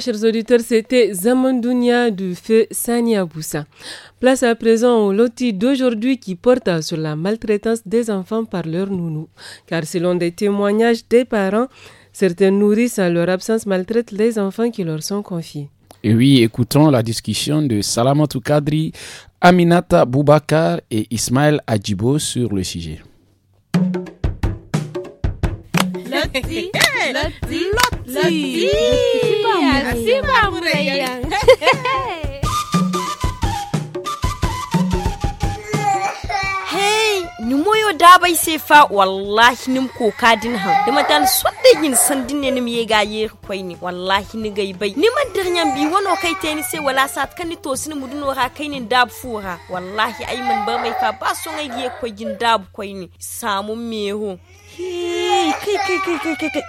chers auditeurs, c'était Zamandounia du feu Sania Boussa. Place à présent au loti d'aujourd'hui qui porte sur la maltraitance des enfants par leurs nounous. Car selon des témoignages des parents, certains nourrices à leur absence maltraitent les enfants qui leur sont confiés. Et oui, écoutons la discussion de Salamatou Kadri, Aminata Boubakar et Ismaël Adjibo sur le sujet. La Asiba Murayan. numoyo da bai sai fa wallahi nim ko kadin ham da matan swadda yin sandin ne nim yega ye ni wallahi ni gay bay ni man darnyan bi wono kai se sai wala sat kan ni tosin muduno ha kai ni dab fuha wallahi ay man ba mai fa ba so ngai ye kwai gin dab kwai ni samu meho kai kai kai kai kai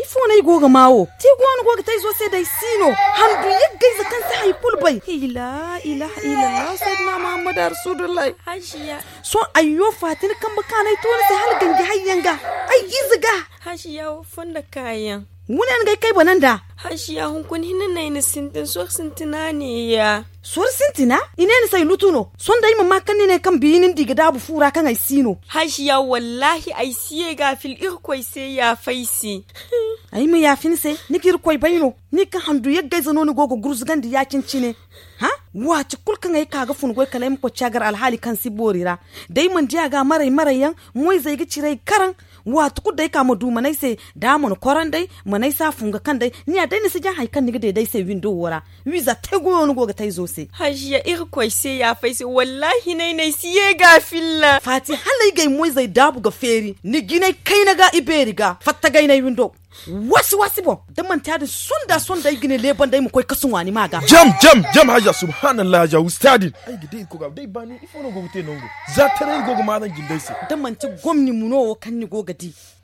il faut mawo ti gwanu goga dai sino handu ya kan sai ila ila ila sayyidina muhammad rasulullahi hashiya so ayo fatin kan baka to ne hal gangi hayyanga ai kayan wunan ga kai banan da ya hunkun hinna na sintin so sintina ne ya So sintina ina ni sai lutuno son da ma makan ne kan biyinin diga da bu fura kan aisino Hashi ya wallahi ai ga fil irkoi sai ya faisi ai mu ya fin sai ni bai baino ni kan handu ya zano ni gogo gurus gandi ya cincine ha wace kulkan ai kaga fungoi kala ko cagar alhali kan siborira dai man diya ga marai marayan moy zai ga cirai karan wa tuku dai ka madu manai se da mun koran dai manai sa funga kan dai ni a dai ni sijan hai kan ni dai dai se window wora wiza te go no go ga tai zo se hajiya ir ko se ya fai se wallahi nai nai siye ga filla fati halai gai moy zai dabu ga feri ni gine kai na ga iberi ga fatta gai nai window wasu wasu bo da manta da sun da sun da gine leban da mu koi kasun wani maga jam jam jam haja subhanallah haja ustadi ai gide ko ga dai bani ifo no go gute no go za tare go go ma dan gindai se da manci gwamni mu no kan ni go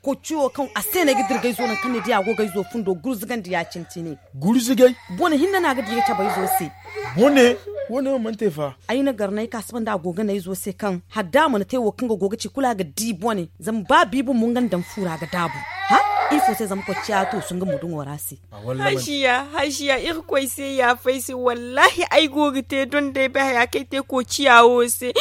ko ciwo kan a sai na gidir gaizo nan kan ne dia go gaizo fundo gurzigan dia cincini gurzigai bone hinna na ga dia ta bai zo se bone wani man tefa ai na garna ka saban da goga na yazo sai kan hadda mana taiwo kan goga ci kula ga di ne zan ba bibu mun gan dan fura ga dabu ha ifo sai zan ko ciya to sun ga mudun warasi hashiya hashiya ir koi sai ya faisi wallahi ai goga te don dai ba ya kai te ko ciya wo sai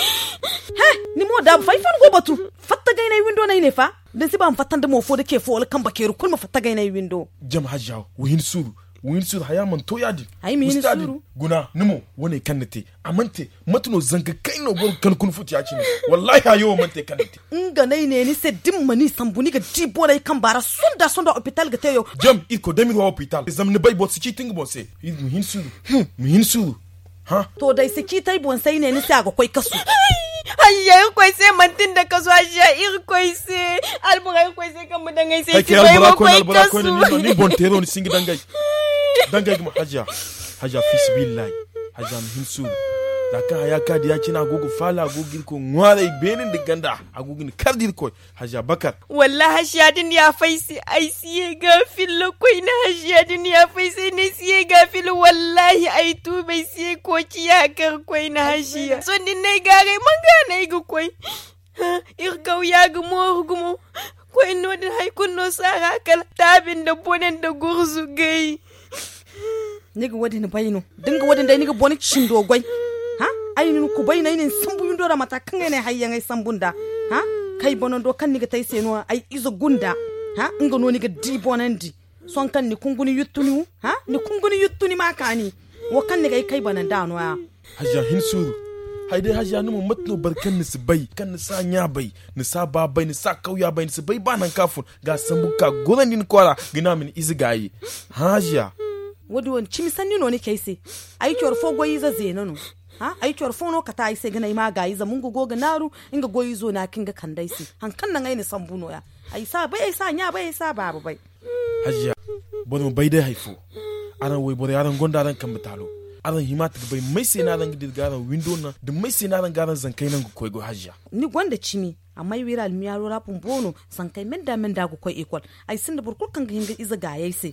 ha ni mo da faifan go batu fatta gaina windo nai ne fa den si ba fatan da mu fodo ke fo kan bakeru keru mu fatta gaina windo jam hajja wihin suru wihin suru haya man to yadi ai mi suru guna nimo wone kannate amante matuno zanga kai no kan kun futi ya cini wallahi hayo mante kannate inga nai ne ni se dim mani sambuni ga dibo dai kan bara sunda sunda hospital ga teyo jam iko demi wa hospital zam ne bai bot si ting bot se wihin suru hmm. wihin suru ha to dai se tai bon sai ne ni se ga koi kasu ayer kwese mantinda kaso ayer kwese albora kwese kamudangai sai ki bai mo kwai kaso ni bontero ni singi dangai dangai ma haja haja fisbillahi haja muhimsu zaka ya kadi ya kina agogo fala agogin ko ngwara ibenin da ganda agogin kardir ko hajiya bakar wallahi hajiya din ya faisi ai siye gafil lokoi na hajiya din ya faisi ne siye gafil wallahi ai tu bai siye ko ya kar koi na hajiya so din ne gare man ga nai ga koi irkau ya gu mo ko inno din hay no sara kala tabin da bonen da gurzu gai niga wadin bayino dinga wadin dai niga boni cin dogwai ainin ku bai nainin sambun dora mata kan ne hayyan ai sambun da ha kai bonon do kan ni ga taise no ai izo gunda ha inga no ga di bonan di son kan ni kunguni yuttuni ha ni kunguni yuttuni ma kani wa kan ga kai bonan da no ya hajja hinsuru hai dai hajja numu matlo barkan ni su bai kan ni sa nya bai ni sa ba bai ni sa kauya bai ni su bai ba nan kafun ga sambu ka goran din kwara gina min izigayi hajja wadu wan chimisan ni no ni kaisi ai kyor fogo yi za zenanu ha ai chor fono ka yi sai gina ma ga iza mungu ga ganaru inga goyi zo na kinga kandai si hankan nan aini san buno ya ai sa bai ai sa nya bai ai sa babu bai hajiya bodo bai dai haifo aran wai bodo aran gonda aran kan bitalo aran hima ta bai mai sai na ran gidi ga window na da mai sai na ran garan zankai nan ko go hajiya ni gonda chimi amma wira almiyaro rapun bono zankai menda da men da ko equal ai sin da burkul kan ga hinga iza ga yayi sai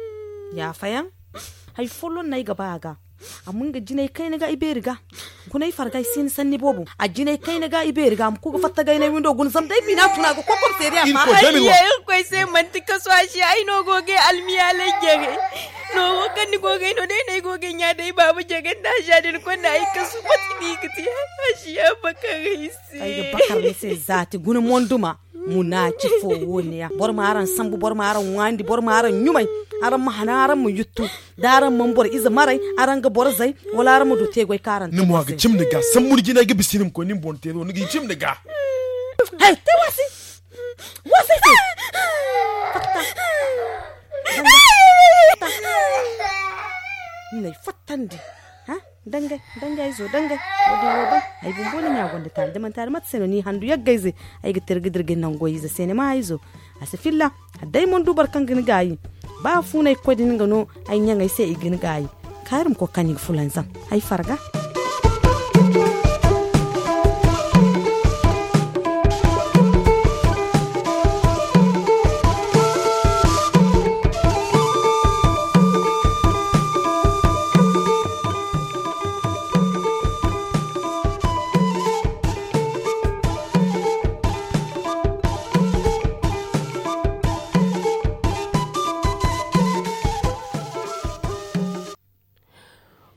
ya fayan hay folon nay ga baga amun ga jinai kai na ga iberiga kunai fargai sin sanni bobu a jinai kai na ga ibe riga ku ga fatta ga nay windo gun sam dai mina tuna go kokor seriya ma ai ye koi sai mantika shi ai no goge almiya lege no kan ni goge no dai nay goge nya dai babu jegen da shadin ko na ai kasu pati ni kiti ha shi ya bakar sai ai bakar ne sai zati gun monduma muna chifoone ya bor ma aran sambu bor ma aran wandi bor ma aran nyumai ara ma hana aran mu yutu dara mun bor iza marai aran ga bor zai wala aran mu do tegoi karan ni mo ga chim daga san murji na ga bisirim ko ni bon tero ni ga chim daga hey te wasi wasi ti ne fatandi dangai dangai zo dangai wadi yoba ay bumbo ni nyagonde tal de man tar mat seno ni handu yaggay ze ai gitir gidir gen nan goyi za sene ma ay zo asifilla dai mon dubar kan gin gayi ba funai kodin gano ay nyangay sai igin gayi karim ko kanig fulanzam ai farga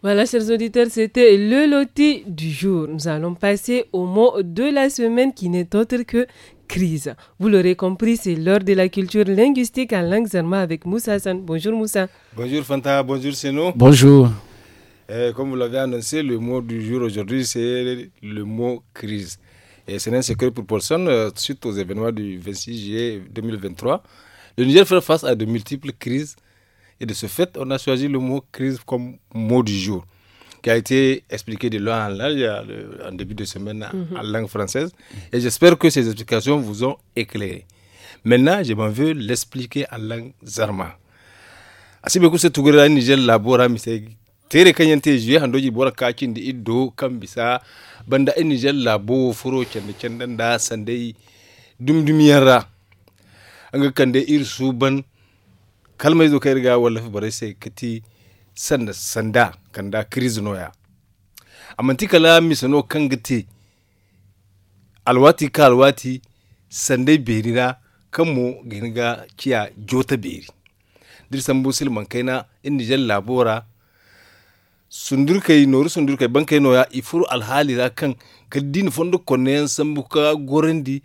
Voilà, chers auditeurs, c'était le loti du jour. Nous allons passer au mot de la semaine qui n'est autre que crise. Vous l'aurez compris, c'est l'heure de la culture linguistique à Langzerma avec Moussa Hassan. Bonjour Moussa. Bonjour Fanta, bonjour Seno. Bonjour. Euh, comme vous l'avez annoncé, le mot du jour aujourd'hui, c'est le mot crise. Et c'est un secret pour personne, euh, suite aux événements du 26 juillet 2023, le Niger fait face à de multiples crises et de ce fait, on a choisi le mot crise comme mot du jour, qui a été expliqué de loin en en début de semaine en mhm. langue française. Et j'espère que ces explications vous ont éclairé. Maintenant, je m'en veux l'expliquer en langue zarma. asibe se tugurira niger labora mise tere kanyante je handoji bora kakin da iddo kambisa bisa banda in e niger bo furo kende kenden da Dum dumdumiyara anga kande ir suban kalmai zo kai riga wallafi bare sai ti sanda sanda kanda kiriz noya amanti kala misano kangate alwati ka alwati sandai berira mu giniga kiya jota beri dirsan busil silman kaina in nijar labora sundurkai noru sundurkai bankai noya ifuru da kan kaddin fondo konneyan sambuka gorendi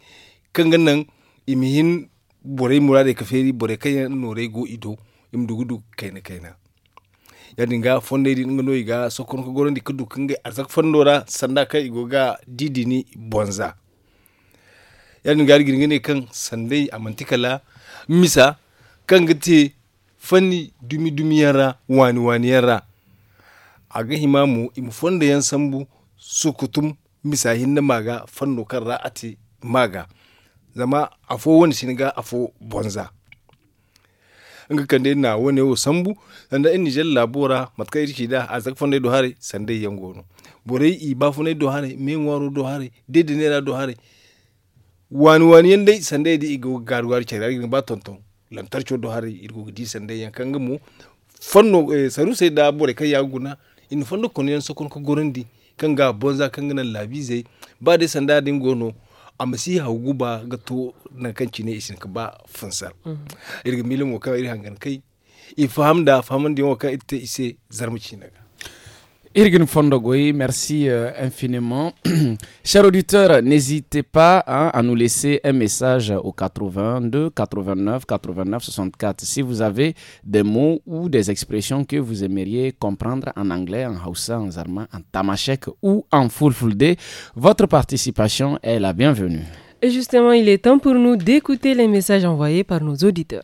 kan ganan imihin bore mura de kafiri bore kaŋ nore go ido do i ma dugu du kayna kayna yadin ga fondeydi nga no iga sokkon ko gorandi kudu kenge azak arzak fondora sanda ka igoga didi didini bonza yadin ga rigin ne kan sandai amantikala misa kan gati fanni dumi dumi yara wani wani yara aga ga himamu imu fonde yan sambu sukutum misa hinna maga fanno kan ati maga zama afo woni ga afo bonza nga kande na wani wo sambu sanda en la labora matka irki da azak fonde dohare sanda sande yangono Bore i ba fonde do hare men dohare do hare dede nera do hare wani wani yande sande di igo garwar cerari ba tonton lantarco do hare irgo di sande yankanga kan fanno eh, saru sai da bore kai ya guna in fanno konen sokon ko gorandi kanga bonza kanga na labize ba de sanda din gono a masiha ba ga to na kan ne isin ba funsar mhm. irga milin iri hangan kai i faham da fahamin da yawa ka ita ise zarmaci na Irgun Fondogoy, merci euh, infiniment. Chers auditeurs, n'hésitez pas hein, à nous laisser un message au 82 89 89 64 si vous avez des mots ou des expressions que vous aimeriez comprendre en anglais, en haussa, en zarma, en tamashek ou en fulfulde. Votre participation est la bienvenue. Et justement, il est temps pour nous d'écouter les messages envoyés par nos auditeurs.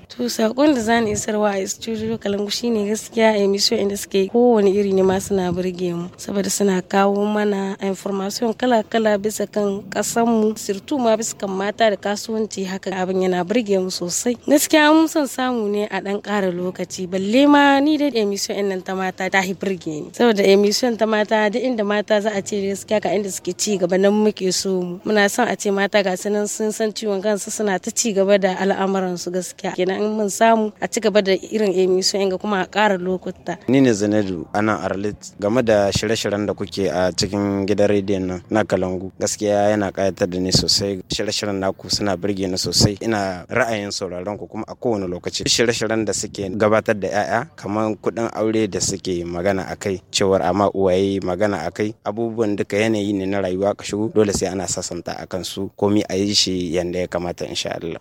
To sakon da zan isarwa a studio Kalangu shine gaskiya emission inda suke kowane iri ne ma suna burge mu saboda suna kawo mana information kala-kala bisa kan kasan mu sirtu ma bisa kan mata da kasuwanci haka abin yana burge mu sosai. Gaskiya mun son samu ne a dan kara lokaci balle ma ni da emission din nan ta mata ta hi burge ni saboda emission ta mata duk inda mata za a ce gaskiya ka inda suke ci gaba nan muke so mu muna son a ce mata ga sun san ciwon kansu suna ta ci gaba da al'amuran su gaskiya kenan mun samu a ci gaba da irin emission ga kuma a ƙara lokuta. Ni ne Zanadu anan Arlit game da shirye-shiryen da kuke a cikin gidan rediyon nan na Kalangu gaskiya yana ƙayatar da ni sosai shirye-shiryen naku suna birge ni sosai ina ra'ayin sauraron ku kuma a kowane lokaci shirye-shiryen da suke gabatar da 'ya'ya kamar kuɗin aure da suke magana a kai. cewar amma uwaye magana a kai. abubuwan duka yanayi ne na rayuwa ka shigo dole sai ana sasanta akan su komi a yi shi yanda ya kamata insha Allah.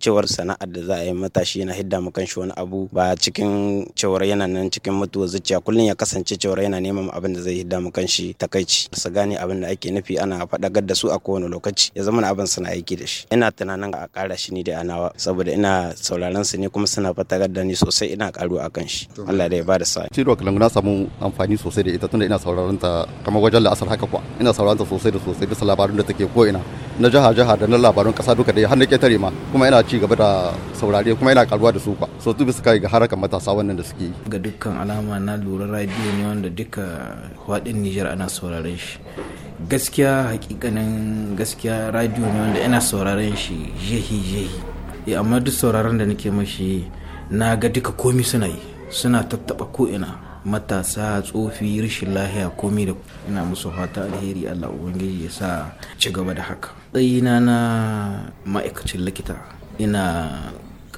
cewar sana'ar da za a yi matashi yana hidda mu kanshi wani abu ba cikin cewar yana nan cikin mutuwa zuciya kullum ya kasance cewar yana neman abin da zai hidda mu kanshi takaici su gane abin da ake nufi ana faɗakar da su a kowane lokaci ya zama abin suna aiki da shi ina tunanin a ƙara shi ni da anawa saboda ina sauraron su ne kuma suna faɗakar da ni sosai ina ƙaruwa a kan shi Allah da ya bada sa'a Ciro Kalangu na samu amfani sosai da ita tunda ina sauraron ta kamar wajen la'asar haka kuwa ina sauraron ta sosai da sosai bisa labarin da take ko ina na jaha jaha da na labarin ƙasa duka ya har ke ƙetare ma kuma ina ci gaba da saurari kuɗaɗe kuma yana karuwa da su kwa so tubi su kai ga harakan matasa wannan da suke yi ga dukkan alama na lura radio ne wanda duka faɗin Niger ana sauraron shi gaskiya hakikanin gaskiya radio ne wanda ina sauraron shi jehi jehi eh, amma duk sauraron da nake mashi na ga duka komi suna yi suna tattaba ko ina matasa tsofi rashin lahiya komi da ina musu fata alheri allah ubangiji ya sa ci gaba da haka tsayina na ma'aikacin likita ina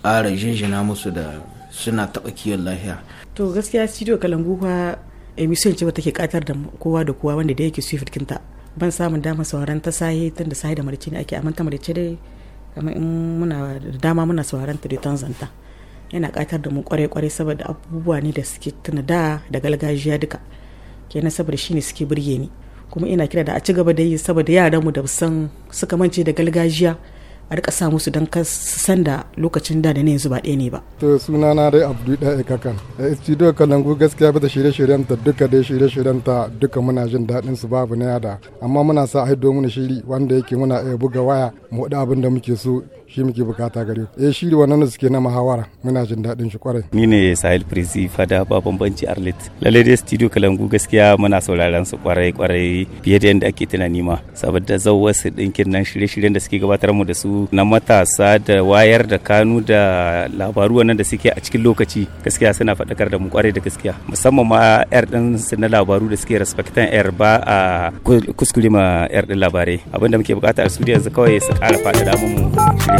ƙara jinjina musu da suna taɓa kiwon lahiya. to gaskiya studio kalangu kuwa emission ce take katar da kowa da kowa wanda da yake swift kinta ban samun damar sauran ta sahi tun da sahi da marice ne ake amanta ta marice dai kamar in muna da dama muna sauran ta da tanzanta yana katar da mu kwarai kwarai saboda abubuwa ne da suke tuna da da galgajiya duka kenan saboda shi ne suke birge ni kuma ina kira da a ci gaba da yi saboda yaran mu da san suka mance da galgajiya a rika sa musu don ka san lokacin da da ne yanzu ba ɗaya ne ba. to sunana dai abdu da kakan eh, studio kalangu gaskiya bata shirye-shiryen ta duka dai shirye-shiryen ta duka muna jin daɗin su babu na yada amma muna sa haido shiri wanda yake muna iya buga waya mu abin da muke so shi muke bukata gare ku eh shi wannan suke na muhawara muna jin daɗin shi kwarai ni ne Sahil Prezi fada ba bambanci Arlit lalle dai studio Kalangu gaskiya muna sauraron su kwarai kwarai fiye da yadda ake tunani ma saboda zawwa su dinkin nan shirye-shiryen da suke gabatar mu da su na matasa da wayar da kanu da labaru wannan da suke a cikin lokaci gaskiya suna faɗakar da mu kwarai da gaskiya musamman ma yar din su na labaru da suke respectan yar ba a kuskure ma yar din labarai abinda muke bukata a studio yanzu kawai su ƙara faɗaɗa mu shirye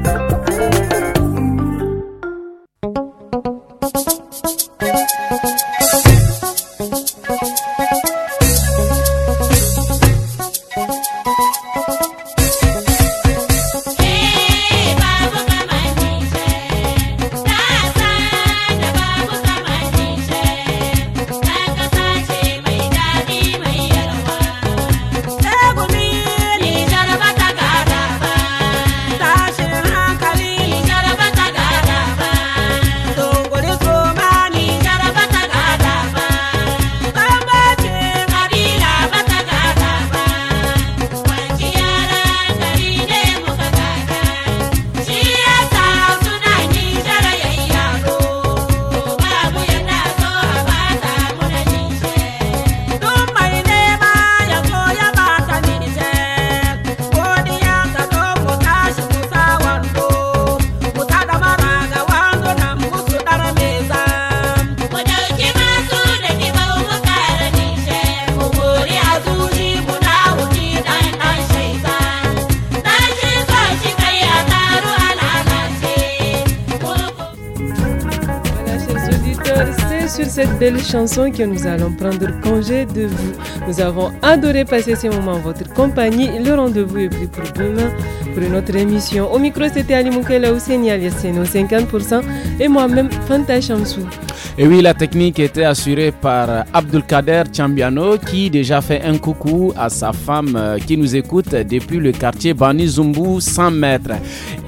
belle chanson que nous allons prendre congé de vous. Nous avons adoré passer ces moments en votre compagnie. Le rendez-vous est pris pour demain pour une autre émission. Au micro, c'était Ali Moukela c'est 50% et moi-même Fanta Chamsou. Et oui, la technique était assurée par Abdulkader Chambiano qui déjà fait un coucou à sa femme euh, qui nous écoute depuis le quartier Bani Zumbu 100 mètres.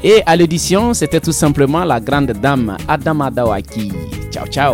Et à l'édition, c'était tout simplement la grande dame Adama Ciao, ciao.